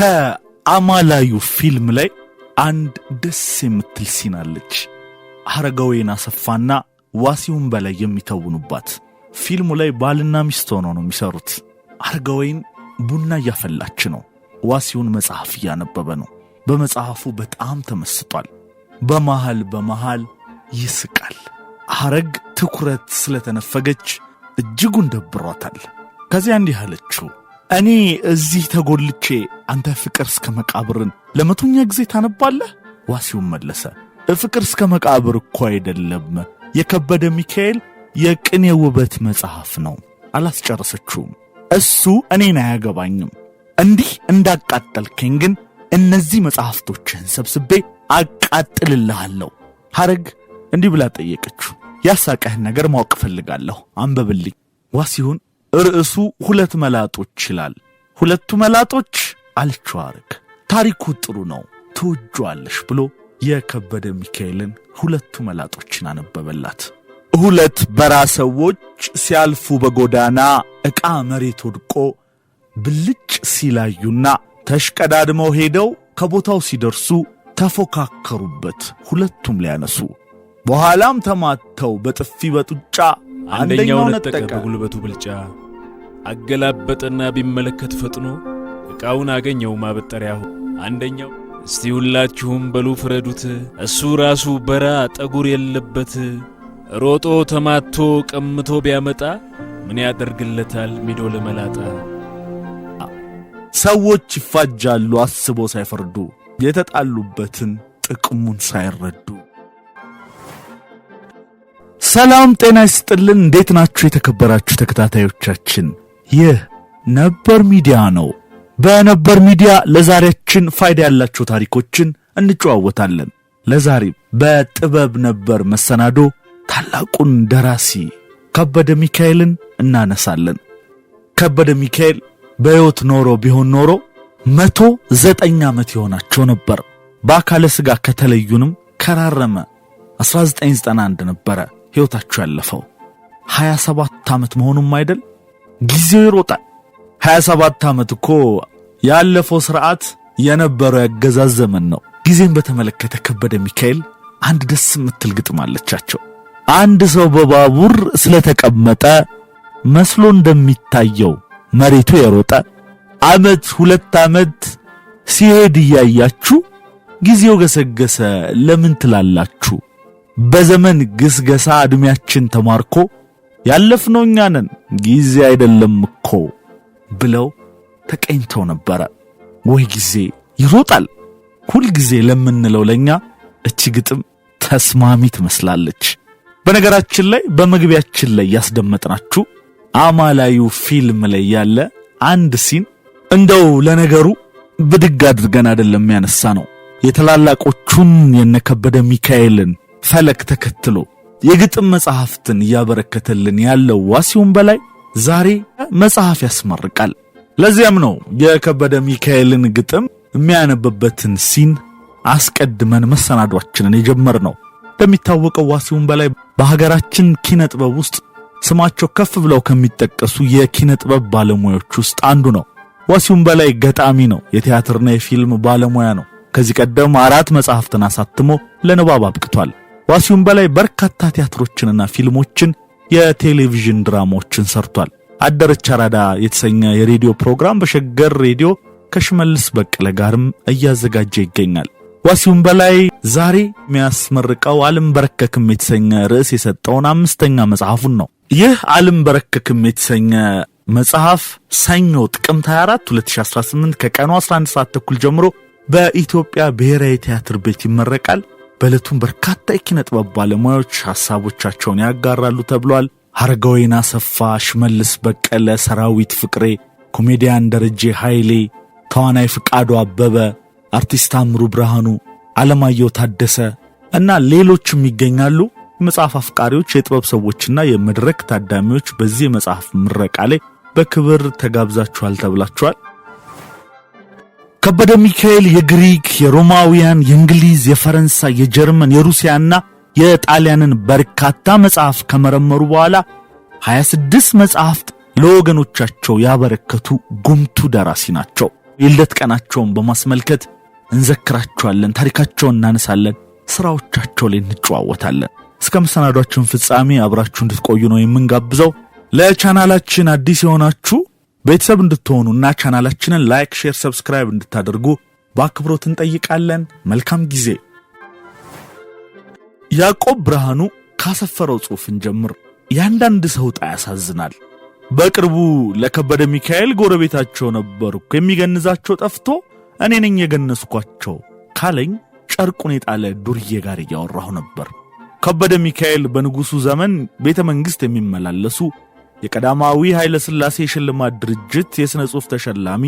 ከአማላዩ ፊልም ላይ አንድ ደስ የምትል ሲን አለች። አረጋዊን አሰፋና ዋሲውን በላይ የሚተውኑባት ፊልሙ ላይ ባልና ሚስት ሆኖ ነው የሚሰሩት። አረጋዊን ቡና እያፈላች ነው። ዋሲውን መጽሐፍ እያነበበ ነው። በመጽሐፉ በጣም ተመስጧል። በመሃል በመሃል ይስቃል። ሐረግ ትኩረት ስለተነፈገች እጅጉን ደብሯታል። ከዚያ እንዲህ አለችው። እኔ እዚህ ተጎልቼ አንተ ፍቅር እስከ መቃብርን ለመቶኛ ጊዜ ታነባለህ? ዋሲውን መለሰ። ፍቅር እስከ መቃብር እኮ አይደለም የከበደ ሚካኤል የቅኔ ውበት መጽሐፍ ነው። አላስጨረሰችውም። እሱ እኔን አያገባኝም። እንዲህ እንዳቃጠልከኝ ግን እነዚህ መጽሐፍቶችህን ሰብስቤ አቃጥልልሃለሁ። ሐረግ እንዲህ ብላ ጠየቀችው። ያሳቀህን ነገር ማወቅ እፈልጋለሁ፣ አንበብልኝ። ዋሲሁን ርዕሱ ሁለት መላጦች ይላል። ሁለቱ መላጦች አልቸዋርክ ታሪኩ ጥሩ ነው ትወጇለሽ ብሎ የከበደ ሚካኤልን ሁለቱ መላጦችን አነበበላት። ሁለት በራ ሰዎች ሲያልፉ በጎዳና ዕቃ መሬት ወድቆ ብልጭ ሲላዩና ተሽቀዳድመው ሄደው ከቦታው ሲደርሱ ተፎካከሩበት ሁለቱም ሊያነሱ በኋላም ተማተው በጥፊ በጡጫ አንደኛው ነጠቀ በጉልበቱ ብልጫ አገላበጠና ቢመለከት ፈጥኖ ዕቃውን አገኘው ማበጠሪያ አንደኛው እስቲ ሁላችሁም በሉ ፍረዱት፣ እሱ ራሱ በራ ጠጉር የለበት ሮጦ ተማቶ ቀምቶ ቢያመጣ ምን ያደርግለታል ሚዶ ለመላጣ። ሰዎች ይፋጃሉ አስቦ ሳይፈርዱ የተጣሉበትን ጥቅሙን ሳይረዱ። ሰላም ጤና ይስጥልን። እንዴት ናችሁ የተከበራችሁ ተከታታዮቻችን? ይህ ነበር ሚዲያ ነው። በነበር ሚዲያ ለዛሬያችን ፋይዳ ያላቸው ታሪኮችን እንጨዋወታለን። ለዛሬ በጥበብ ነበር መሰናዶ ታላቁን ደራሲ ከበደ ሚካኤልን እናነሳለን። ከበደ ሚካኤል በሕይወት ኖሮ ቢሆን ኖሮ መቶ ዘጠኝ ዓመት የሆናቸው ነበር። በአካለ ሥጋ ከተለዩንም ከራረመ 1991 ነበረ ሕይወታቸው ያለፈው 27 ዓመት መሆኑም አይደል? ጊዜው ይሮጣል። 27 ዓመት እኮ ያለፈው ስርዓት የነበረው ያገዛዝ ዘመን ነው። ጊዜን በተመለከተ ከበደ ሚካኤል አንድ ደስ የምትል ግጥም አለቻቸው። አንድ ሰው በባቡር ስለተቀመጠ መስሎ እንደሚታየው መሬቱ የሮጠ ዓመት ሁለት ዓመት ሲሄድ እያያችሁ ጊዜው ገሰገሰ ለምን ትላላችሁ? በዘመን ግስገሳ ዕድሜያችን ተማርኮ ያለፍነው እኛ ነን ጊዜ አይደለም እኮ ብለው ተቀኝተው ነበረ። ወይ ጊዜ ይሮጣል። ሁልጊዜ ለምንለው ለእኛ እቺ ግጥም ተስማሚ ትመስላለች። በነገራችን ላይ በመግቢያችን ላይ ያስደመጥናችሁ አማላዩ ፊልም ላይ ያለ አንድ ሲን እንደው ለነገሩ ብድግ አድርገን አይደለም ያነሳ ነው። የታላላቆቹን የነከበደ ሚካኤልን ፈለክ ተከትሎ የግጥም መጽሐፍትን እያበረከተልን ያለው ዋሲሁን በላይ ዛሬ መጽሐፍ ያስመርቃል። ለዚያም ነው የከበደ ሚካኤልን ግጥም የሚያነብበትን ሲን አስቀድመን መሰናዷችንን የጀመርነው። እንደሚታወቀው ዋሲሁን በላይ በሀገራችን ኪነ ጥበብ ውስጥ ስማቸው ከፍ ብለው ከሚጠቀሱ የኪነ ጥበብ ባለሙያዎች ውስጥ አንዱ ነው። ዋሲሁን በላይ ገጣሚ ነው፣ የቲያትርና የፊልም ባለሙያ ነው። ከዚህ ቀደም አራት መጽሐፍትን አሳትሞ ለንባብ አብቅቷል። ዋሲሁን በላይ በርካታ ቲያትሮችንና ፊልሞችን፣ የቴሌቪዥን ድራማዎችን ሰርቷል። አደረች አራዳ የተሰኘ የሬዲዮ ፕሮግራም በሸገር ሬዲዮ ከሽመልስ በቀለ ጋርም እያዘጋጀ ይገኛል። ዋሲሁን በላይ ዛሬ የሚያስመርቀው ዓለም በረከክም የተሰኘ ርዕስ የሰጠውን አምስተኛ መጽሐፉን ነው። ይህ ዓለም በረከክም የተሰኘ መጽሐፍ ሰኞ ጥቅምት 24 2018 ከቀኑ 11 ሰዓት ተኩል ጀምሮ በኢትዮጵያ ብሔራዊ ቲያትር ቤት ይመረቃል። በዕለቱም በርካታ የኪነ ጥበብ ባለሙያዎች ሐሳቦቻቸውን ያጋራሉ ተብሏል። ሐረጋወይን አሰፋ፣ ሽመልስ በቀለ፣ ሰራዊት ፍቅሬ፣ ኮሜዲያን ደረጄ ኃይሌ፣ ተዋናይ ፍቃዱ አበበ፣ አርቲስት አምሩ ብርሃኑ፣ አለማየሁ ታደሰ እና ሌሎችም ይገኛሉ። መጽሐፍ አፍቃሪዎች፣ የጥበብ ሰዎችና የመድረክ ታዳሚዎች በዚህ የመጽሐፍ ምረቃ ላይ በክብር ተጋብዛችኋል ተብላችኋል። ከበደ ሚካኤል የግሪክ፣ የሮማውያን፣ የእንግሊዝ፣ የፈረንሳይ፣ የጀርመን፣ የሩሲያና የጣሊያንን በርካታ መጽሐፍ ከመረመሩ በኋላ 26 መጽሐፍት ለወገኖቻቸው ያበረከቱ ጉምቱ ደራሲ ናቸው። የልደት ቀናቸውን በማስመልከት እንዘክራቸዋለን፣ ታሪካቸውን እናነሳለን፣ ስራዎቻቸው ላይ እንጨዋወታለን። እስከ መሰናዷችን ፍጻሜ አብራችሁ እንድትቆዩ ነው የምንጋብዘው። ለቻናላችን አዲስ የሆናችሁ ቤተሰብ እንድትሆኑና ቻናላችንን ላይክ፣ ሼር፣ ሰብስክራይብ እንድታደርጉ በአክብሮት እንጠይቃለን። መልካም ጊዜ። ያዕቆብ ብርሃኑ ካሰፈረው ጽሑፍን ጀምር የአንዳንድ ሰው ዕጣ ያሳዝናል። በቅርቡ ለከበደ ሚካኤል ጎረቤታቸው ነበርኩ። የሚገንዛቸው ጠፍቶ እኔ ነኝ የገነዝኳቸው ካለኝ ጨርቁን የጣለ ዱርዬ ጋር እያወራሁ ነበር። ከበደ ሚካኤል በንጉሡ ዘመን ቤተ መንግሥት የሚመላለሱ የቀዳማዊ ኃይለ ሥላሴ የሽልማት ድርጅት የሥነ ጽሑፍ ተሸላሚ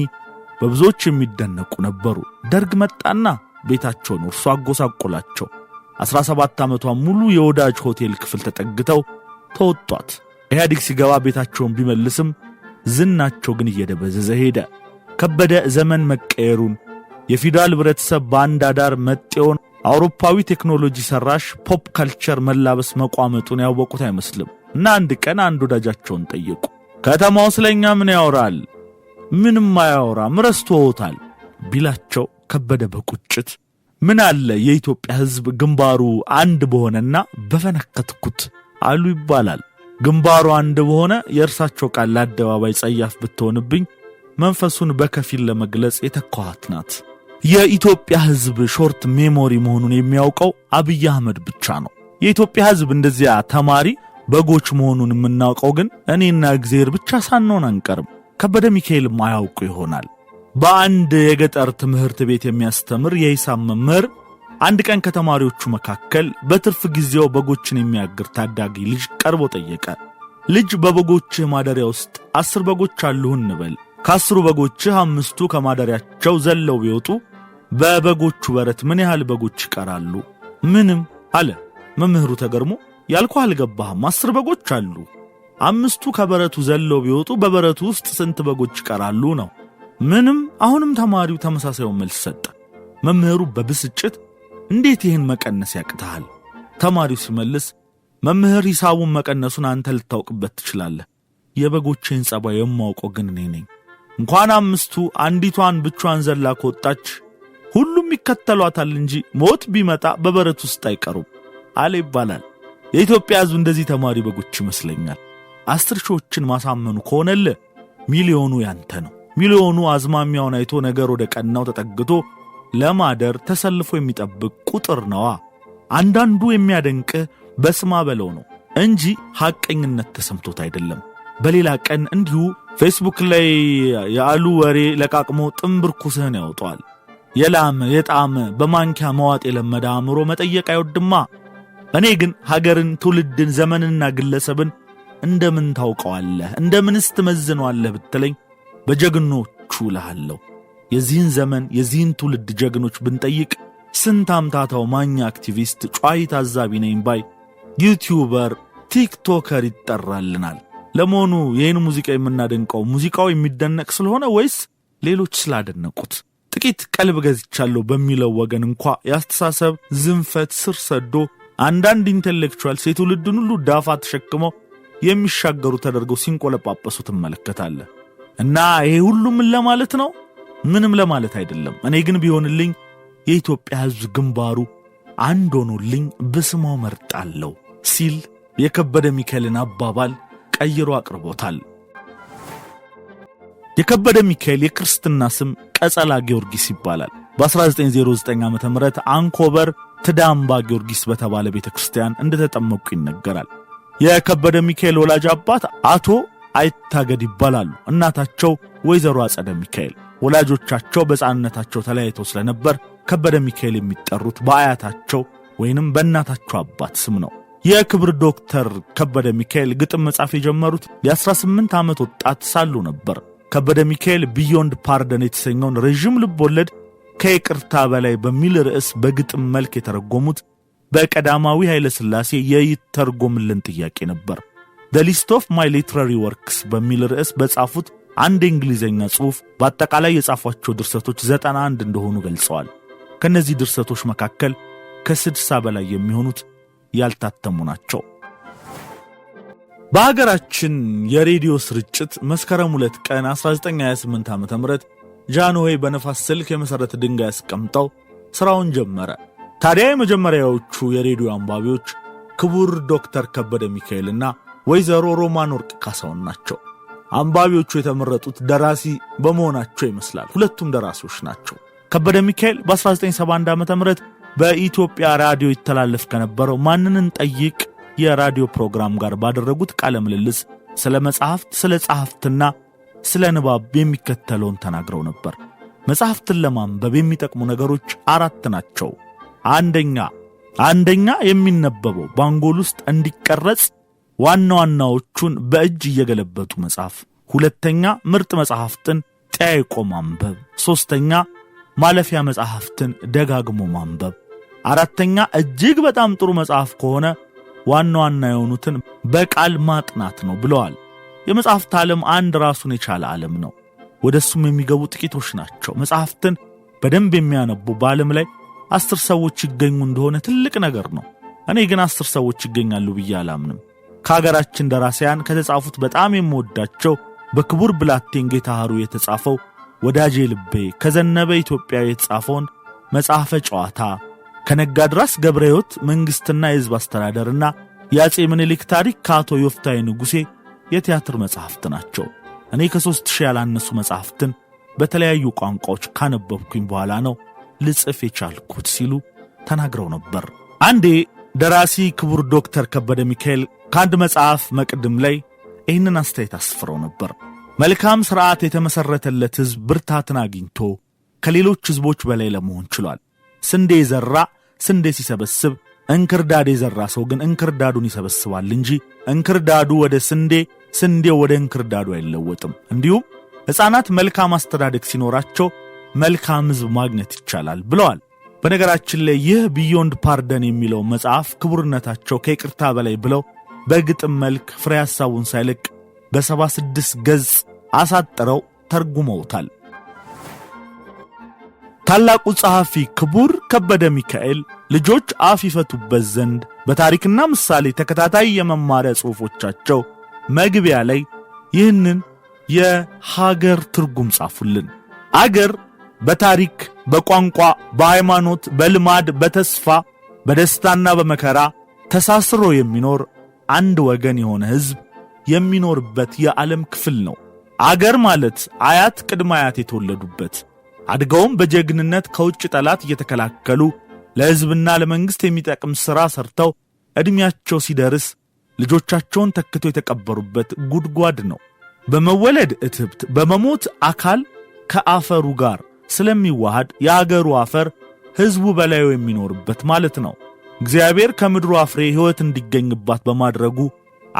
በብዙዎች የሚደነቁ ነበሩ። ደርግ መጣና ቤታቸውን እርሱ አጎሳቆላቸው። ዐሥራ ሰባት ዓመቷን ሙሉ የወዳጅ ሆቴል ክፍል ተጠግተው ተወጧት። ኢህአዲግ ሲገባ ቤታቸውን ቢመልስም ዝናቸው ግን እየደበዘዘ ሄደ። ከበደ ዘመን መቀየሩን የፊውዳል ኅብረተሰብ በአንድ አዳር መጤውን አውሮፓዊ ቴክኖሎጂ ሰራሽ ፖፕ ካልቸር መላበስ መቋመጡን ያወቁት አይመስልም እና አንድ ቀን አንድ ወዳጃቸውን ጠየቁ። ከተማው ስለኛ ምን ያወራል? ምንም አያወራም ረስቶዎታል ቢላቸው ከበደ በቁጭት ምን አለ የኢትዮጵያ ሕዝብ ግንባሩ አንድ በሆነና በፈነከትኩት አሉ ይባላል። ግንባሩ አንድ በሆነ የእርሳቸው ቃል ለአደባባይ ጸያፍ ብትሆንብኝ መንፈሱን በከፊል ለመግለጽ የተኳኋት ናት። የኢትዮጵያ ሕዝብ ሾርት ሜሞሪ መሆኑን የሚያውቀው አብይ አህመድ ብቻ ነው። የኢትዮጵያ ሕዝብ እንደዚያ ተማሪ በጎች መሆኑን የምናውቀው ግን እኔና እግዜር ብቻ ሳንሆን አንቀርም። ከበደ ሚካኤልም አያውቁ ይሆናል። በአንድ የገጠር ትምህርት ቤት የሚያስተምር የሂሳብ መምህር አንድ ቀን ከተማሪዎቹ መካከል በትርፍ ጊዜው በጎችን የሚያግር ታዳጊ ልጅ ቀርቦ ጠየቀ። ልጅ በበጎችህ ማደሪያ ውስጥ አስር በጎች አሉህ እንበል። ከአስሩ በጎችህ አምስቱ ከማደሪያቸው ዘለው ቢወጡ በበጎቹ በረት ምን ያህል በጎች ይቀራሉ? ምንም አለ። መምህሩ ተገርሞ ያልኩህ አልገባህም? አስር በጎች አሉ። አምስቱ ከበረቱ ዘለው ቢወጡ በበረቱ ውስጥ ስንት በጎች ይቀራሉ ነው? ምንም። አሁንም ተማሪው ተመሳሳዩን መልስ ሰጠ። መምህሩ በብስጭት እንዴት ይህን መቀነስ ያቅትሃል? ተማሪው ሲመልስ መምህር ሂሳቡን መቀነሱን አንተ ልታውቅበት ትችላለህ። የበጎቼን ጸባይ የማውቀው ግን እኔ ነኝ። እንኳን አምስቱ አንዲቷን ብቿን ዘላ ከወጣች ሁሉም ይከተሏታል እንጂ ሞት ቢመጣ በበረት ውስጥ አይቀሩም አለ ይባላል። የኢትዮጵያ ሕዝብ እንደዚህ ተማሪ በጎች ይመስለኛል። አስር ሺዎችን ማሳመኑ ከሆነለ ሚሊዮኑ ያንተ ነው። ሚሊዮኑ አዝማሚያውን አይቶ ነገር ወደ ቀናው ተጠግቶ ለማደር ተሰልፎ የሚጠብቅ ቁጥር ነዋ። አንዳንዱ የሚያደንቅህ በስማ በለው ነው እንጂ ሐቀኝነት ተሰምቶት አይደለም። በሌላ ቀን እንዲሁ ፌስቡክ ላይ የአሉ ወሬ ለቃቅሞ ጥምብርኩስህን ያወጣዋል። የላም የጣም በማንኪያ መዋጥ የለመደ አእምሮ መጠየቅ አይወድማ። እኔ ግን ሀገርን፣ ትውልድን፣ ዘመንና ግለሰብን እንደምን ታውቀዋለህ እንደምንስ ትመዝነዋለህ ብትለኝ በጀግኖቹ እልሃለሁ። የዚህን ዘመን የዚህን ትውልድ ጀግኖች ብንጠይቅ ስንት አምታታው ማኛ አክቲቪስት፣ ጨዋይ ታዛቢ ነኝ ባይ፣ ዩቲዩበር፣ ቲክቶከር ይጠራልናል። ለመሆኑ ይህን ሙዚቃ የምናደንቀው ሙዚቃው የሚደነቅ ስለሆነ ወይስ ሌሎች ስላደነቁት? ጥቂት ቀልብ ገዝቻለሁ በሚለው ወገን እንኳ የአስተሳሰብ ዝንፈት ስር ሰዶ አንዳንድ ኢንቴሌክቹዋልስ የትውልድን ሁሉ ዳፋ ተሸክመው የሚሻገሩ ተደርገው ሲንቆለጳጳሱ ትመለከታለህ። እና ይሄ ሁሉ ምን ለማለት ነው? ምንም ለማለት አይደለም። እኔ ግን ቢሆንልኝ የኢትዮጵያ ሕዝብ ግንባሩ አንድ ሆኖልኝ ብስማው መርጣለሁ ሲል የከበደ ሚካኤልን አባባል ቀይሮ አቅርቦታል። የከበደ ሚካኤል የክርስትና ስም ቀጸላ ጊዮርጊስ ይባላል። በ1909 ዓ ም አንኮበር ትዳምባ ጊዮርጊስ በተባለ ቤተ ክርስቲያን እንደተጠመቁ ይነገራል። የከበደ ሚካኤል ወላጅ አባት አቶ አይታገድ ይባላሉ። እናታቸው ወይዘሮ አጸደ ሚካኤል። ወላጆቻቸው በሕፃንነታቸው ተለያይተው ስለነበር ከበደ ሚካኤል የሚጠሩት በአያታቸው ወይንም በእናታቸው አባት ስም ነው። የክብር ዶክተር ከበደ ሚካኤል ግጥም መጻፍ የጀመሩት የ18 ዓመት ወጣት ሳሉ ነበር። ከበደ ሚካኤል ቢዮንድ ፓርደን የተሰኘውን ረዥም ልብ ወለድ ከይቅርታ በላይ በሚል ርዕስ በግጥም መልክ የተረጎሙት በቀዳማዊ ኃይለ ሥላሴ የይተርጎምልን ጥያቄ ነበር። ዘ ሊስት ኦፍ ማይ ሊትራሪ ወርክስ በሚል ርዕስ በጻፉት አንድ የእንግሊዝኛ ጽሑፍ በአጠቃላይ የጻፏቸው ድርሰቶች ዘጠና አንድ እንደሆኑ ገልጸዋል። ከእነዚህ ድርሰቶች መካከል ከስድሳ በላይ የሚሆኑት ያልታተሙ ናቸው። በሀገራችን የሬዲዮ ስርጭት መስከረም 2 ቀን 1928 ዓ ም ጃንሆይ በነፋስ ስልክ የመሠረት ድንጋይ አስቀምጠው ሥራውን ጀመረ። ታዲያ የመጀመሪያዎቹ የሬዲዮ አንባቢዎች ክቡር ዶክተር ከበደ ሚካኤልና ወይዘሮ ሮማን ወርቅ ካሳውን ናቸው። አንባቢዎቹ የተመረጡት ደራሲ በመሆናቸው ይመስላል። ሁለቱም ደራሲዎች ናቸው። ከበደ ሚካኤል በ1971 ዓ ም በኢትዮጵያ ራዲዮ ይተላለፍ ከነበረው ማንንን ጠይቅ የራዲዮ ፕሮግራም ጋር ባደረጉት ቃለ ምልልስ ስለ መጽሐፍት፣ ስለ ጸሐፍትና ስለ ንባብ የሚከተለውን ተናግረው ነበር። መጽሐፍትን ለማንበብ የሚጠቅሙ ነገሮች አራት ናቸው። አንደኛ አንደኛ የሚነበበው ባንጎል ውስጥ እንዲቀረጽ ዋና ዋናዎቹን በእጅ እየገለበጡ መጽሐፍ ሁለተኛ ምርጥ መጽሐፍትን ጠያይቆ ማንበብ። ሦስተኛ ማለፊያ መጽሐፍትን ደጋግሞ ማንበብ። አራተኛ እጅግ በጣም ጥሩ መጽሐፍ ከሆነ ዋና ዋና የሆኑትን በቃል ማጥናት ነው ብለዋል። የመጽሐፍት ዓለም አንድ ራሱን የቻለ ዓለም ነው። ወደ እሱም የሚገቡ ጥቂቶች ናቸው። መጽሐፍትን በደንብ የሚያነቡ በዓለም ላይ አስር ሰዎች ይገኙ እንደሆነ ትልቅ ነገር ነው። እኔ ግን አስር ሰዎች ይገኛሉ ብዬ አላምንም። ከሀገራችን ደራሲያን ከተጻፉት በጣም የምወዳቸው በክቡር ብላቴን ጌታ ሐሩ የተጻፈው ወዳጄ ልቤ፣ ከዘነበ ኢትዮጵያዊ የተጻፈውን መጽሐፈ ጨዋታ ከነጋድራስ ገብረ ሕይወት መንግሥትና የሕዝብ አስተዳደርና የአጼ ምኒልክ ታሪክ ከአቶ ዮፍታይ ንጉሴ የቲያትር መጽሐፍት ናቸው። እኔ ከሦስት ሺህ ያላነሱ መጽሐፍትን በተለያዩ ቋንቋዎች ካነበብኩኝ በኋላ ነው ልጽፍ የቻልኩት ሲሉ ተናግረው ነበር። አንዴ ደራሲ ክቡር ዶክተር ከበደ ሚካኤል ከአንድ መጽሐፍ መቅድም ላይ ይህንን አስተያየት አስፍረው ነበር። መልካም ሥርዓት የተመሠረተለት ሕዝብ ብርታትን አግኝቶ ከሌሎች ሕዝቦች በላይ ለመሆን ችሏል። ስንዴ የዘራ ስንዴ ሲሰበስብ እንክርዳድ የዘራ ሰው ግን እንክርዳዱን ይሰበስባል እንጂ እንክርዳዱ ወደ ስንዴ፣ ስንዴው ወደ እንክርዳዱ አይለወጥም። እንዲሁም ሕፃናት መልካም አስተዳደግ ሲኖራቸው መልካም ሕዝብ ማግኘት ይቻላል ብለዋል። በነገራችን ላይ ይህ ቢዮንድ ፓርደን የሚለው መጽሐፍ ክቡርነታቸው ከይቅርታ በላይ ብለው በግጥም መልክ ፍሬ ሐሳቡን ሳይለቅ በሰባ ስድስት ገጽ አሳጥረው ተርጉመውታል። ታላቁ ጸሐፊ ክቡር ከበደ ሚካኤል ልጆች አፍ ይፈቱበት ዘንድ በታሪክና ምሳሌ ተከታታይ የመማሪያ ጽሑፎቻቸው መግቢያ ላይ ይህንን የሀገር ትርጉም ጻፉልን። አገር በታሪክ፣ በቋንቋ፣ በሃይማኖት፣ በልማድ፣ በተስፋ፣ በደስታና በመከራ ተሳስሮ የሚኖር አንድ ወገን የሆነ ሕዝብ የሚኖርበት የዓለም ክፍል ነው። አገር ማለት አያት ቅድመ አያት የተወለዱበት አድገውም በጀግንነት ከውጭ ጠላት እየተከላከሉ ለሕዝብና ለመንግሥት የሚጠቅም ሥራ ሠርተው ዕድሜያቸው ሲደርስ ልጆቻቸውን ተክቶ የተቀበሩበት ጉድጓድ ነው። በመወለድ እትብት በመሞት አካል ከአፈሩ ጋር ስለሚዋሃድ የአገሩ አፈር ሕዝቡ በላዩ የሚኖርበት ማለት ነው። እግዚአብሔር ከምድሩ አፍሬ ሕይወት እንዲገኝባት በማድረጉ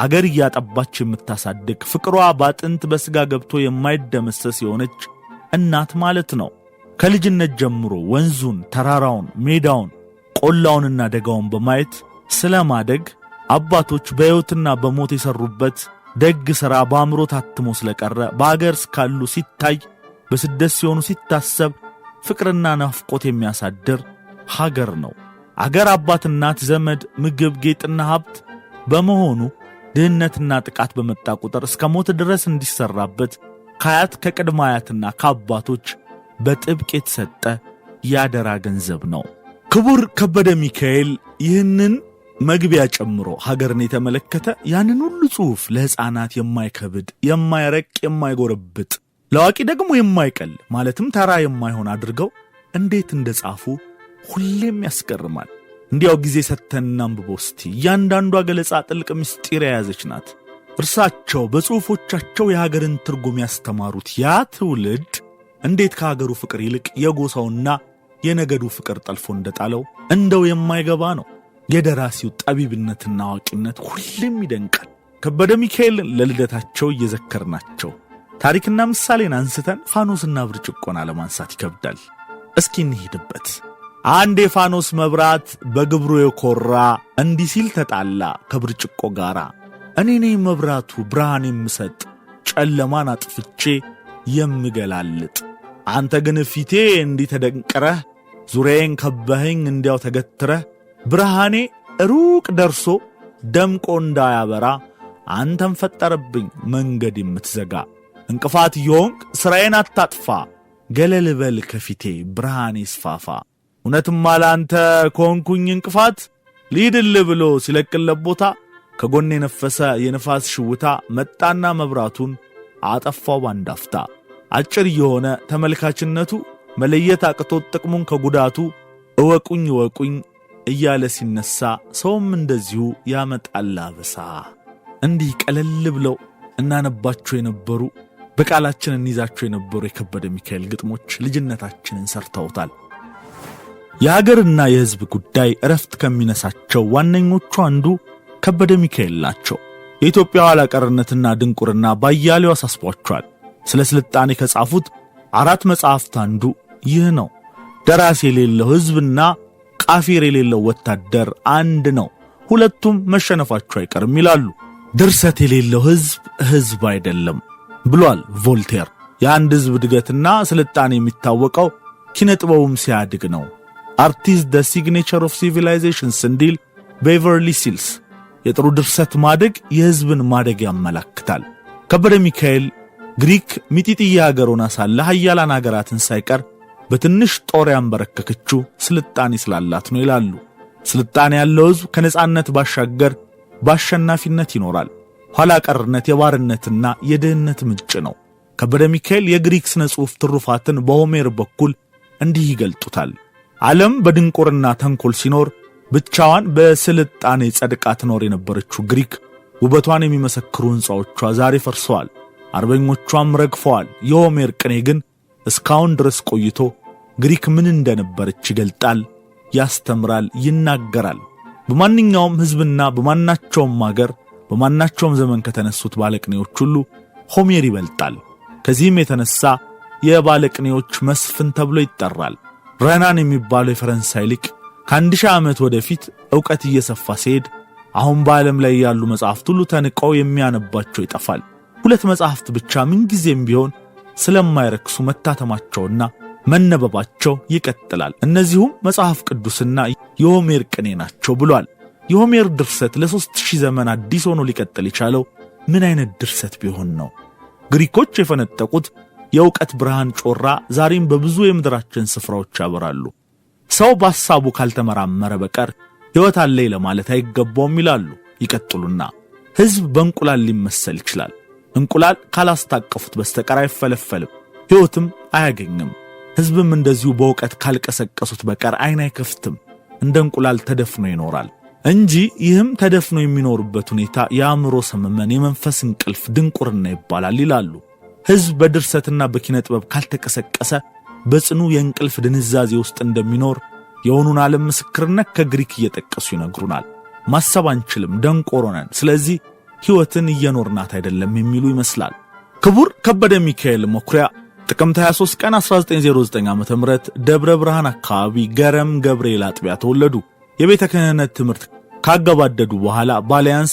አገር እያጠባች የምታሳድግ ፍቅሯ በአጥንት በሥጋ ገብቶ የማይደመሰስ የሆነች እናት ማለት ነው። ከልጅነት ጀምሮ ወንዙን፣ ተራራውን፣ ሜዳውን፣ ቆላውንና ደጋውን በማየት ስለማደግ አባቶች በሕይወትና በሞት የሠሩበት ደግ ሥራ በአእምሮ ታትሞ ስለቀረ በአገር እስካሉ ሲታይ በስደት ሲሆኑ ሲታሰብ ፍቅርና ናፍቆት የሚያሳድር ሀገር ነው። አገር አባት፣ እናት፣ ዘመድ፣ ምግብ፣ ጌጥና ሀብት በመሆኑ ድህነትና ጥቃት በመጣ ቁጥር እስከ ሞት ድረስ እንዲሠራበት ከአያት ከቅድመ አያትና ከአባቶች በጥብቅ የተሰጠ ያደራ ገንዘብ ነው። ክቡር ከበደ ሚካኤል ይህንን መግቢያ ጨምሮ ሀገርን የተመለከተ ያንን ሁሉ ጽሑፍ ለሕፃናት የማይከብድ የማይረቅ የማይጎረብጥ ለአዋቂ ደግሞ የማይቀል ማለትም ተራ የማይሆን አድርገው እንዴት እንደ ጻፉ ሁሌም ያስገርማል። እንዲያው ጊዜ ሰጥተንና አንብቦ እስቲ እያንዳንዷ ገለጻ ጥልቅ ምስጢር የያዘች ናት። እርሳቸው በጽሑፎቻቸው የሀገርን ትርጉም ያስተማሩት ያ ትውልድ እንዴት ከሀገሩ ፍቅር ይልቅ የጎሳውና የነገዱ ፍቅር ጠልፎ እንደጣለው እንደው የማይገባ ነው። የደራሲው ጠቢብነትና አዋቂነት ሁሌም ይደንቃል። ከበደ ሚካኤልን ለልደታቸው እየዘከርናቸው ታሪክና ምሳሌን አንስተን ፋኖስና ብርጭቆን አለማንሳት ይከብዳል። እስኪ እንሄድበት! አንድ የፋኖስ መብራት በግብሩ የኮራ እንዲህ ሲል ተጣላ ከብርጭቆ ጋር እኔ ነኝ መብራቱ ብርሃን የምሰጥ ጨለማን አጥፍቼ የምገላልጥ አንተ ግን ፊቴ እንዲህ ዙሬን ዙሪያዬን ከበኸኝ እንዲያው ተገትረህ ብርሃኔ ሩቅ ደርሶ ደምቆ እንዳያበራ አንተን ፈጠረብኝ መንገድ የምትዘጋ እንቅፋት የሆንክ ሥራዬን አታጥፋ ገለል በል ከፊቴ ብርሃኔ ስፋፋ እውነትማ ለአንተ ከሆንኩኝ እንቅፋት ሊድል ብሎ ሲለቅለት ቦታ ከጎን የነፈሰ የንፋስ ሽውታ መጣና መብራቱን አጠፋው ባንዳፍታ አጭር የሆነ ተመልካችነቱ መለየት አቅቶት ጥቅሙን ከጉዳቱ እወቁኝ እወቁኝ እያለ ሲነሳ ሰውም እንደዚሁ ያመጣል አበሳ። እንዲህ ቀለል ብለው እናነባቸው የነበሩ በቃላችን እንይዛቸው የነበሩ የከበደ ሚካኤል ግጥሞች ልጅነታችንን ሰርተውታል። የሀገርና የሕዝብ ጉዳይ እረፍት ከሚነሳቸው ዋነኞቹ አንዱ ከበደ ሚካኤል ናቸው። የኢትዮጵያ ኋላ ቀርነትና ድንቁርና ባያሌው አሳስቧቸዋል። ስለ ስልጣኔ ከጻፉት አራት መጽሐፍት አንዱ ይህ ነው። ደራሲ የሌለው ሕዝብና ቃፊር የሌለው ወታደር አንድ ነው፣ ሁለቱም መሸነፋቸው አይቀርም ይላሉ። ድርሰት የሌለው ሕዝብ ሕዝብ አይደለም ብሏል ቮልቴር። የአንድ ሕዝብ እድገትና ስልጣኔ የሚታወቀው ኪነ ጥበቡም ሲያድግ ነው። አርቲስት ደ ሲግኔቸር ኦፍ ሲቪላይዜሽንስ እንዲል ቤቨርሊ ሲልስ የጥሩ ድርሰት ማደግ የሕዝብን ማደግ ያመላክታል። ከበደ ሚካኤል ግሪክ ሚጢጥዬ ሀገር ሆና ሳለ ሀያላን ሀገራትን ሳይቀር በትንሽ ጦር ያንበረከከችው ስልጣኔ ስላላት ነው ይላሉ። ስልጣኔ ያለው ሕዝብ ከነጻነት ባሻገር በአሸናፊነት ይኖራል። ኋላ ቀርነት የባርነትና የድህነት ምንጭ ነው። ከበደ ሚካኤል የግሪክ ስነ ጽሑፍ ትሩፋትን በሆሜር በኩል እንዲህ ይገልጡታል። ዓለም በድንቁርና ተንኮል ሲኖር ብቻዋን በስልጣኔ ጸድቃ ትኖር የነበረችው ግሪክ ውበቷን የሚመሰክሩ ሕንፃዎቿ ዛሬ ፈርሰዋል። አርበኞቿም ረግፈዋል። የሆሜር ቅኔ ግን እስካሁን ድረስ ቆይቶ ግሪክ ምን እንደነበረች ይገልጣል፣ ያስተምራል፣ ይናገራል። በማንኛውም ሕዝብና በማናቸውም አገር በማናቸውም ዘመን ከተነሱት ባለቅኔዎች ሁሉ ሆሜር ይበልጣል። ከዚህም የተነሳ የባለቅኔዎች መስፍን ተብሎ ይጠራል። ረናን የሚባለው የፈረንሳይ ሊቅ ከአንድ ሺህ ዓመት ወደፊት ዕውቀት እየሰፋ ሲሄድ አሁን በዓለም ላይ ያሉ መጽሐፍት ሁሉ ተንቀው የሚያነባቸው ይጠፋል። ሁለት መጽሐፍት ብቻ ምንጊዜም ቢሆን ስለማይረክሱ መታተማቸውና መነበባቸው ይቀጥላል። እነዚሁም መጽሐፍ ቅዱስና የሆሜር ቅኔ ናቸው ብሏል። የሆሜር ድርሰት ለሦስት ሺህ ዘመን አዲስ ሆኖ ሊቀጥል የቻለው ምን አይነት ድርሰት ቢሆን ነው? ግሪኮች የፈነጠቁት የእውቀት ብርሃን ጮራ ዛሬም በብዙ የምድራችን ስፍራዎች ያበራሉ። ሰው በሐሳቡ ካልተመራመረ በቀር ሕይወት አለኝ ለማለት አይገባውም ይላሉ። ይቀጥሉና ሕዝብ በእንቁላል ሊመሰል ይችላል እንቁላል ካላስታቀፉት በስተቀር አይፈለፈልም፣ ሕይወትም አያገኝም። ሕዝብም እንደዚሁ በእውቀት ካልቀሰቀሱት በቀር ዐይን አይከፍትም፣ እንደ እንቁላል ተደፍኖ ይኖራል እንጂ ይህም ተደፍኖ የሚኖርበት ሁኔታ የአእምሮ ሰመመን፣ የመንፈስ እንቅልፍ፣ ድንቁርና ይባላል ይላሉ። ሕዝብ በድርሰትና በኪነ ጥበብ ካልተቀሰቀሰ በጽኑ የእንቅልፍ ድንዛዜ ውስጥ እንደሚኖር የሆኑን ዓለም ምስክርነት ከግሪክ እየጠቀሱ ይነግሩናል። ማሰብ አንችልም፣ ደንቆሮነን። ስለዚህ ሕይወትን እየኖርናት አይደለም የሚሉ ይመስላል። ክቡር ከበደ ሚካኤል መኩሪያ ጥቅምት 23 ቀን 1909 ዓ.ም ደብረ ብርሃን አካባቢ ገረም ገብርኤል አጥቢያ ተወለዱ። የቤተ ክህነት ትምህርት ካገባደዱ በኋላ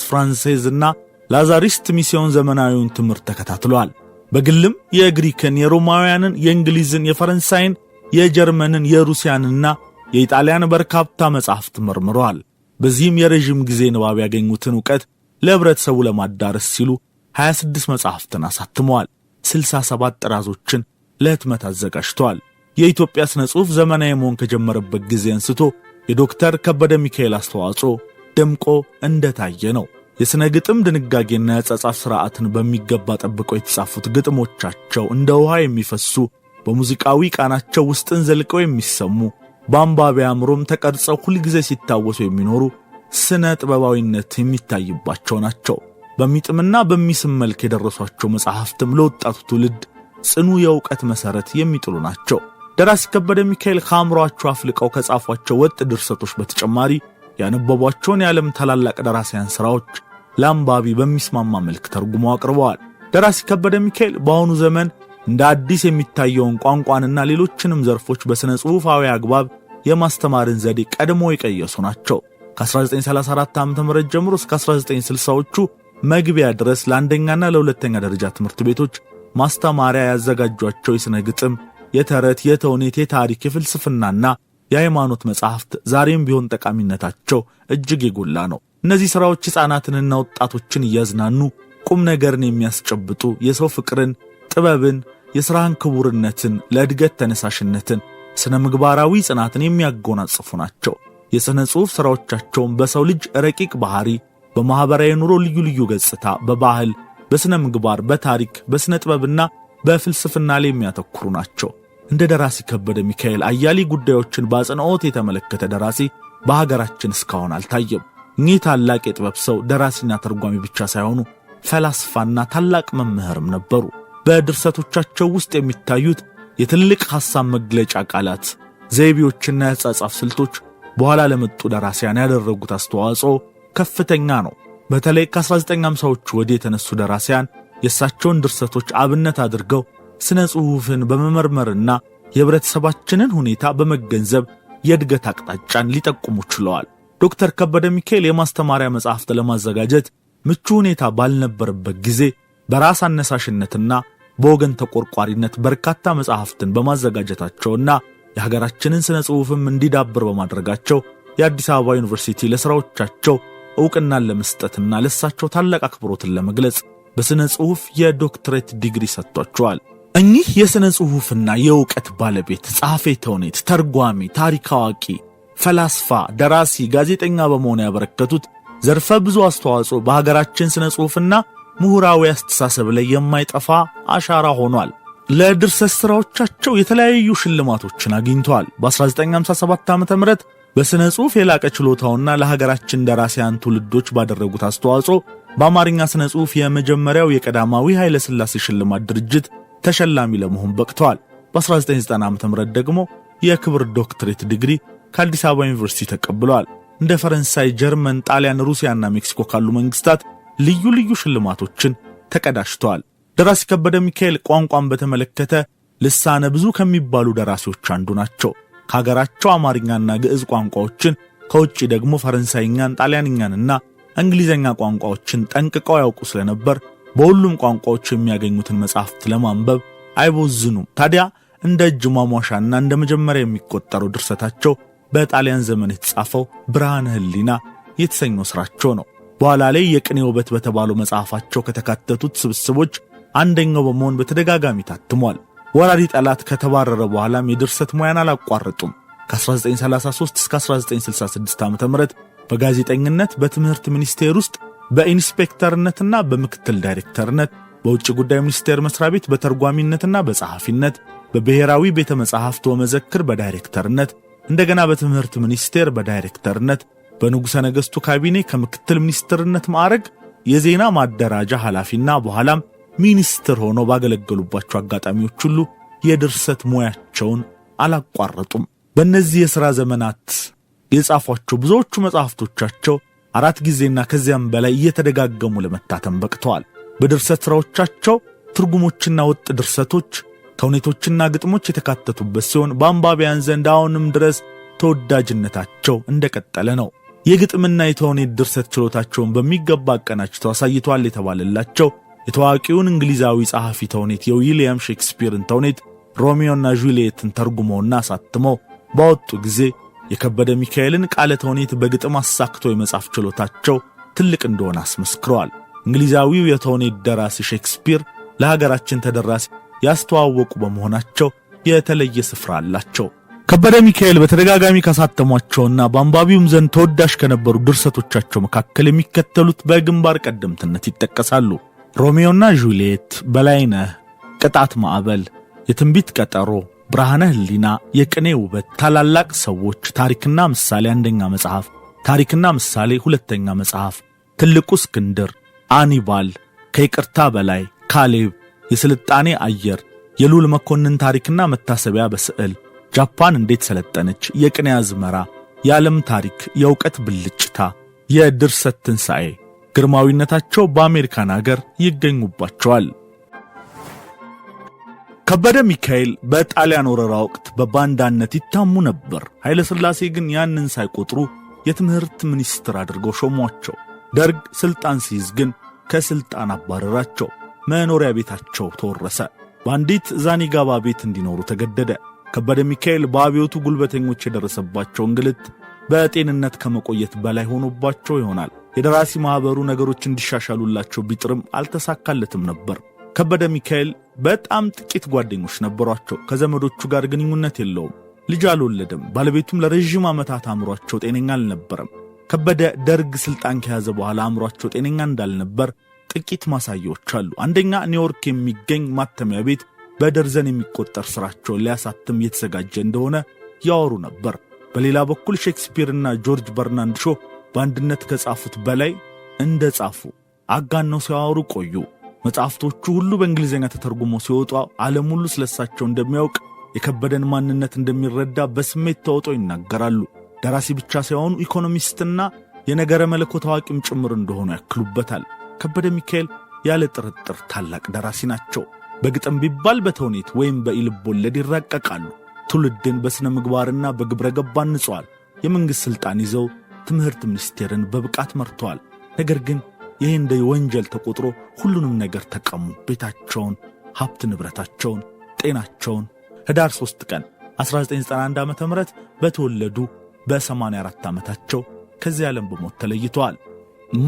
ፍራንሴዝ እና ላዛሪስት ሚስዮን ዘመናዊውን ትምህርት ተከታትለዋል። በግልም የግሪክን፣ የሮማውያንን፣ የእንግሊዝን፣ የፈረንሳይን፣ የጀርመንን፣ የሩሲያንና የኢጣሊያን በርካታ መጻሕፍት መርምረዋል። በዚህም የረዥም ጊዜ ንባብ ያገኙትን ዕውቀት ለህብረተሰቡ ለማዳረስ ሲሉ 26 መጽሐፍትን አሳትመዋል። 67 ጥራዞችን ለህትመት አዘጋጅተዋል። የኢትዮጵያ ስነ ጽሑፍ ዘመናዊ መሆን ከጀመረበት ጊዜ አንስቶ የዶክተር ከበደ ሚካኤል አስተዋጽኦ ደምቆ እንደታየ ነው። የሥነ ግጥም ድንጋጌና የጸጻፍ ሥርዓትን በሚገባ ጠብቀው የተጻፉት ግጥሞቻቸው እንደ ውሃ የሚፈሱ በሙዚቃዊ ቃናቸው ውስጥን ዘልቀው የሚሰሙ በአንባቢ አእምሮም ተቀርጸው ሁልጊዜ ሲታወሱ የሚኖሩ ስነ ጥበባዊነት የሚታይባቸው ናቸው። በሚጥምና በሚስም መልክ የደረሷቸው መጽሐፍትም ለወጣቱ ትውልድ ጽኑ የእውቀት መሠረት የሚጥሉ ናቸው። ደራሲ ከበደ ሚካኤል ከአእምሯቸው አፍልቀው ከጻፏቸው ወጥ ድርሰቶች በተጨማሪ ያነበቧቸውን የዓለም ታላላቅ ደራሲያን ሥራዎች ለአንባቢ በሚስማማ መልክ ተርጉመው አቅርበዋል። ደራሲ ከበደ ሚካኤል በአሁኑ ዘመን እንደ አዲስ የሚታየውን ቋንቋንና ሌሎችንም ዘርፎች በሥነ ጽሑፋዊ አግባብ የማስተማርን ዘዴ ቀድሞ የቀየሱ ናቸው። ከ1934 ዓ.ም ጀምሮ እስከ 1960ዎቹ መግቢያ ድረስ ለአንደኛና ለሁለተኛ ደረጃ ትምህርት ቤቶች ማስተማሪያ ያዘጋጇቸው የሥነ ግጥም፣ የተረት፣ የተውኔት፣ የታሪክ፣ የፍልስፍናና የሃይማኖት መጻሕፍት ዛሬም ቢሆን ጠቃሚነታቸው እጅግ የጎላ ነው። እነዚህ ሥራዎች ሕፃናትንና ወጣቶችን እያዝናኑ ቁም ነገርን የሚያስጨብጡ የሰው ፍቅርን፣ ጥበብን፣ የሥራን ክቡርነትን፣ ለእድገት ተነሳሽነትን፣ ስነ ምግባራዊ ጽናትን የሚያጎናጽፉ ናቸው። የሥነ ጽሑፍ ስራዎቻቸውን በሰው ልጅ ረቂቅ ባህሪ፣ በማኅበራዊ ኑሮ ልዩ ልዩ ገጽታ፣ በባህል፣ በሥነ ምግባር፣ በታሪክ፣ በሥነ ጥበብና በፍልስፍና ላይ የሚያተኩሩ ናቸው። እንደ ደራሲ ከበደ ሚካኤል አያሌ ጉዳዮችን በአጽንኦት የተመለከተ ደራሲ በሀገራችን እስካሁን አልታየም። እኚህ ታላቅ የጥበብ ሰው ደራሲና ተርጓሚ ብቻ ሳይሆኑ ፈላስፋና ታላቅ መምህርም ነበሩ። በድርሰቶቻቸው ውስጥ የሚታዩት የትልቅ ሐሳብ መግለጫ ቃላት ዘይቤዎችና የአጻጻፍ ስልቶች በኋላ ለመጡ ደራሲያን ያደረጉት አስተዋጽኦ ከፍተኛ ነው። በተለይ ከ1950ዎቹ ወዲህ የተነሱ ደራሲያን የእሳቸውን ድርሰቶች አብነት አድርገው ስነ ጽሑፍን በመመርመርና የህብረተሰባችንን ሁኔታ በመገንዘብ የእድገት አቅጣጫን ሊጠቁሙ ችለዋል። ዶክተር ከበደ ሚካኤል የማስተማሪያ መጽሐፍት ለማዘጋጀት ምቹ ሁኔታ ባልነበረበት ጊዜ በራስ አነሳሽነትና በወገን ተቆርቋሪነት በርካታ መጽሐፍትን በማዘጋጀታቸውና የሀገራችንን ስነ ጽሑፍም እንዲዳብር በማድረጋቸው የአዲስ አበባ ዩኒቨርሲቲ ለሥራዎቻቸው ዕውቅናን ለመስጠትና ለሳቸው ታላቅ አክብሮትን ለመግለጽ በሥነ ጽሑፍ የዶክትሬት ዲግሪ ሰጥቷቸዋል። እኚህ የሥነ ጽሑፍና የእውቀት ባለቤት ጸሐፌ ተውኔት፣ ተርጓሚ፣ ታሪክ አዋቂ፣ ፈላስፋ፣ ደራሲ፣ ጋዜጠኛ በመሆን ያበረከቱት ዘርፈ ብዙ አስተዋጽኦ በሀገራችን ሥነ ጽሑፍና ምሁራዊ አስተሳሰብ ላይ የማይጠፋ አሻራ ሆኗል። ለድርሰት ሥራዎቻቸው የተለያዩ ሽልማቶችን አግኝተዋል። በ1957 ዓ ም በሥነ ጽሑፍ የላቀ ችሎታውና ለሀገራችን ደራሲያን ትውልዶች ባደረጉት አስተዋጽኦ በአማርኛ ሥነ ጽሑፍ የመጀመሪያው የቀዳማዊ ኃይለ ሥላሴ ሽልማት ድርጅት ተሸላሚ ለመሆን በቅተዋል። በ1990 ዓ ም ደግሞ የክብር ዶክትሬት ዲግሪ ከአዲስ አበባ ዩኒቨርሲቲ ተቀብለዋል። እንደ ፈረንሳይ፣ ጀርመን፣ ጣሊያን፣ ሩሲያና ሜክሲኮ ካሉ መንግሥታት ልዩ ልዩ ሽልማቶችን ተቀዳጅተዋል። ደራሲ ከበደ ሚካኤል ቋንቋን በተመለከተ ልሳነ ብዙ ከሚባሉ ደራሲዎች አንዱ ናቸው። ከሀገራቸው አማርኛና ግዕዝ ቋንቋዎችን ከውጭ ደግሞ ፈረንሳይኛን፣ ጣሊያንኛንና እንግሊዘኛ ቋንቋዎችን ጠንቅቀው ያውቁ ስለነበር በሁሉም ቋንቋዎች የሚያገኙትን መጻሕፍት ለማንበብ አይቦዝኑም። ታዲያ እንደ እጅ ማሟሻና እንደ መጀመሪያ የሚቆጠረው ድርሰታቸው በጣሊያን ዘመን የተጻፈው ብርሃነ ሕሊና የተሰኘው ስራቸው ነው። በኋላ ላይ የቅኔ ውበት በተባለው መጽሐፋቸው ከተካተቱት ስብስቦች አንደኛው በመሆን በተደጋጋሚ ታትሟል። ወራሪ ጠላት ከተባረረ በኋላም የድርሰት ሙያን አላቋረጡም። ከ1933 እስከ 1966 ዓ.ም በጋዜጠኝነት በትምህርት ሚኒስቴር ውስጥ በኢንስፔክተርነትና በምክትል ዳይሬክተርነት በውጭ ጉዳይ ሚኒስቴር መስሪያ ቤት በተርጓሚነትና በጸሐፊነት በብሔራዊ ቤተ መጻሕፍት ወመዘክር በዳይሬክተርነት እንደገና በትምህርት ሚኒስቴር በዳይሬክተርነት በንጉሠ ነገሥቱ ካቢኔ ከምክትል ሚኒስትርነት ማዕረግ የዜና ማደራጃ ኃላፊና በኋላም ሚኒስትር ሆነው ባገለገሉባቸው አጋጣሚዎች ሁሉ የድርሰት ሙያቸውን አላቋረጡም። በእነዚህ የሥራ ዘመናት የጻፏቸው ብዙዎቹ መጽሐፍቶቻቸው አራት ጊዜና ከዚያም በላይ እየተደጋገሙ ለመታተም በቅተዋል። በድርሰት ሥራዎቻቸው ትርጉሞችና ወጥ ድርሰቶች ተውኔቶችና ግጥሞች የተካተቱበት ሲሆን በአንባቢያን ዘንድ አሁንም ድረስ ተወዳጅነታቸው እንደቀጠለ ነው። የግጥምና የተውኔት ድርሰት ችሎታቸውን በሚገባ አቀናጅተው አሳይተዋል የተባለላቸው የታዋቂውን እንግሊዛዊ ጸሐፊ ተውኔት የዊልያም ሼክስፒርን ተውኔት ሮሚዮና ጁልየትን ተርጉመውና አሳትሞ ባወጡ ጊዜ የከበደ ሚካኤልን ቃለ ተውኔት በግጥም አሳክቶ የመጻፍ ችሎታቸው ትልቅ እንደሆነ አስመስክረዋል። እንግሊዛዊው የተውኔት ደራሲ ሼክስፒር ለሀገራችን ተደራሲ ያስተዋወቁ በመሆናቸው የተለየ ስፍራ አላቸው። ከበደ ሚካኤል በተደጋጋሚ ካሳተሟቸውና በአንባቢውም ዘንድ ተወዳሽ ከነበሩ ድርሰቶቻቸው መካከል የሚከተሉት በግንባር ቀደምትነት ይጠቀሳሉ። ሮሚዮና ጁልየት፣ በላይነህ፣ ቅጣት ማዕበል፣ የትንቢት ቀጠሮ፣ ብርሃነ ህሊና የቅኔ ውበት፣ ታላላቅ ሰዎች፣ ታሪክና ምሳሌ አንደኛ መጽሐፍ፣ ታሪክና ምሳሌ ሁለተኛ መጽሐፍ፣ ትልቁ እስክንድር፣ አኒባል፣ ከይቅርታ በላይ፣ ካሌብ፣ የስልጣኔ አየር፣ የሉል መኮንን ታሪክና መታሰቢያ በስዕል፣ ጃፓን እንዴት ሰለጠነች፣ የቅኔ አዝመራ፣ የዓለም ታሪክ፣ የእውቀት ብልጭታ፣ የድርሰት ትንሣኤ ግርማዊነታቸው በአሜሪካን ሀገር ይገኙባቸዋል። ከበደ ሚካኤል በጣሊያን ወረራ ወቅት በባንዳነት ይታሙ ነበር። ኃይለ ሥላሴ ግን ያንን ሳይቆጥሩ የትምህርት ሚኒስትር አድርገው ሾሟቸው። ደርግ ሥልጣን ሲይዝ ግን ከሥልጣን አባረራቸው። መኖሪያ ቤታቸው ተወረሰ። በአንዲት ዛኒጋባ ቤት እንዲኖሩ ተገደደ። ከበደ ሚካኤል በአብዮቱ ጉልበተኞች የደረሰባቸው እንግልት በጤንነት ከመቆየት በላይ ሆኖባቸው ይሆናል የደራሲ ማኅበሩ ነገሮች እንዲሻሻሉላቸው ቢጥርም አልተሳካለትም ነበር። ከበደ ሚካኤል በጣም ጥቂት ጓደኞች ነበሯቸው። ከዘመዶቹ ጋር ግንኙነት የለውም። ልጅ አልወለደም። ባለቤቱም ለረዥም ዓመታት አእምሯቸው ጤነኛ አልነበረም። ከበደ ደርግ ሥልጣን ከያዘ በኋላ አእምሯቸው ጤነኛ እንዳልነበር ጥቂት ማሳያዎች አሉ። አንደኛ ኒውዮርክ የሚገኝ ማተሚያ ቤት በደርዘን የሚቆጠር ሥራቸውን ሊያሳትም እየተዘጋጀ እንደሆነ ያወሩ ነበር። በሌላ በኩል ሼክስፒርና ጆርጅ በርናንድ ሾ በአንድነት ከጻፉት በላይ እንደ ጻፉ አጋነው ሲያወሩ ቆዩ። መጽሐፍቶቹ ሁሉ በእንግሊዝኛ ተተርጉሞ ሲወጡ ዓለም ሁሉ ስለሳቸው እንደሚያውቅ የከበደን ማንነት እንደሚረዳ በስሜት ተውጦ ይናገራሉ። ደራሲ ብቻ ሳይሆኑ ኢኮኖሚስትና የነገረ መለኮ ታዋቂም ጭምር እንደሆኑ ያክሉበታል። ከበደ ሚካኤል ያለ ጥርጥር ታላቅ ደራሲ ናቸው። በግጥም ቢባል በተውኔት ወይም በኢልብ ወለድ ይራቀቃሉ። ትውልድን በሥነ ምግባርና በግብረ ገብ አንጸዋል። የመንግሥት ሥልጣን ይዘው ትምህርት ሚኒስቴርን በብቃት መርተዋል። ነገር ግን ይህ እንደ ወንጀል ተቆጥሮ ሁሉንም ነገር ተቀሙ። ቤታቸውን፣ ሀብት ንብረታቸውን፣ ጤናቸውን። ህዳር 3 ቀን 1991 ዓ ም በተወለዱ በ84 ዓመታቸው ከዚህ ዓለም በሞት ተለይተዋል።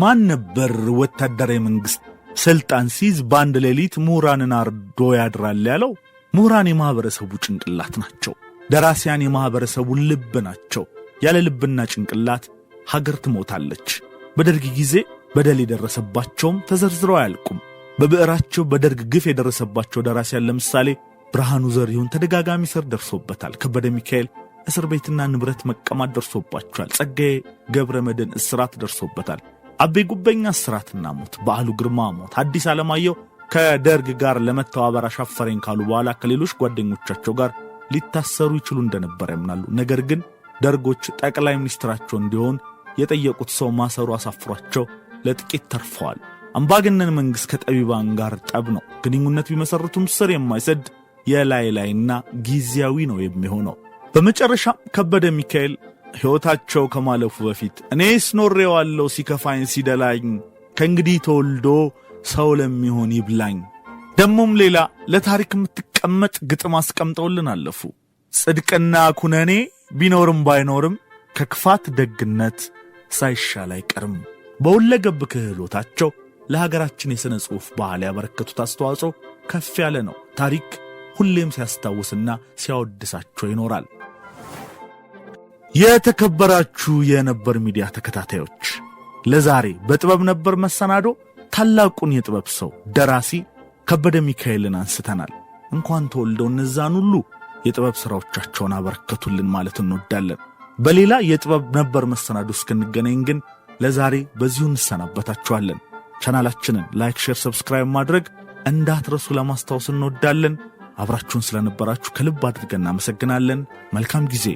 ማን ነበር ወታደራዊ መንግሥት ሥልጣን ሲይዝ በአንድ ሌሊት ምሁራንን አርዶ ያድራል ያለው? ምሁራን የማኅበረሰቡ ጭንቅላት ናቸው። ደራሲያን የማኅበረሰቡ ልብ ናቸው። ያለ ልብና ጭንቅላት ሀገር ትሞታለች። በደርግ ጊዜ በደል የደረሰባቸውም ተዘርዝረው አያልቁም። በብዕራቸው በደርግ ግፍ የደረሰባቸው ደራሲያን ለምሳሌ ብርሃኑ ዘሪሁን ተደጋጋሚ ሰር ደርሶበታል። ከበደ ሚካኤል እስር ቤትና ንብረት መቀማት ደርሶባቸዋል። ጸጋዬ ገብረ መድን እስራት ደርሶበታል። አቤ ጉበኛ እስራትና ሞት፣ በዓሉ ግርማ ሞት፣ አዲስ ዓለማየሁ ከደርግ ጋር ለመተባበር አሻፈረኝ ካሉ በኋላ ከሌሎች ጓደኞቻቸው ጋር ሊታሰሩ ይችሉ እንደነበር ያምናሉ። ነገር ግን ደርጎች ጠቅላይ ሚኒስትራቸው እንዲሆን የጠየቁት ሰው ማሰሩ አሳፍሯቸው ለጥቂት ተርፈዋል። አምባገነን መንግሥት ከጠቢባን ጋር ጠብ ነው። ግንኙነት ቢመሰርቱም ስር የማይሰድ የላይ ላይና ጊዜያዊ ነው የሚሆነው። በመጨረሻም ከበደ ሚካኤል ሕይወታቸው ከማለፉ በፊት እኔ ስኖሬዋለሁ ሲከፋኝ ሲደላኝ፣ ከእንግዲህ ተወልዶ ሰው ለሚሆን ይብላኝ። ደሞም ሌላ ለታሪክ የምትቀመጥ ግጥም አስቀምጠውልን አለፉ። ጽድቅና ኩነኔ ቢኖርም ባይኖርም ከክፋት ደግነት ሳይሻል አይቀርም። በሁለገብ ክህሎታቸው ለሀገራችን የሥነ ጽሑፍ ባህል ያበረከቱት አስተዋጽኦ ከፍ ያለ ነው። ታሪክ ሁሌም ሲያስታውስና ሲያወድሳቸው ይኖራል። የተከበራችሁ የነበር ሚዲያ ተከታታዮች ለዛሬ በጥበብ ነበር መሰናዶ ታላቁን የጥበብ ሰው ደራሲ ከበደ ሚካኤልን አንስተናል። እንኳን ተወልደው እነዛን ሁሉ የጥበብ ሥራዎቻቸውን አበረከቱልን ማለት እንወዳለን። በሌላ የጥበብ ነበር መሰናዱ እስክንገናኝ ግን ለዛሬ በዚሁ እንሰናበታችኋለን። ቻናላችንን ላይክ፣ ሼር፣ ሰብስክራይብ ማድረግ እንዳትረሱ ለማስታወስ እንወዳለን። አብራችሁን ስለነበራችሁ ከልብ አድርገን እናመሰግናለን። መልካም ጊዜ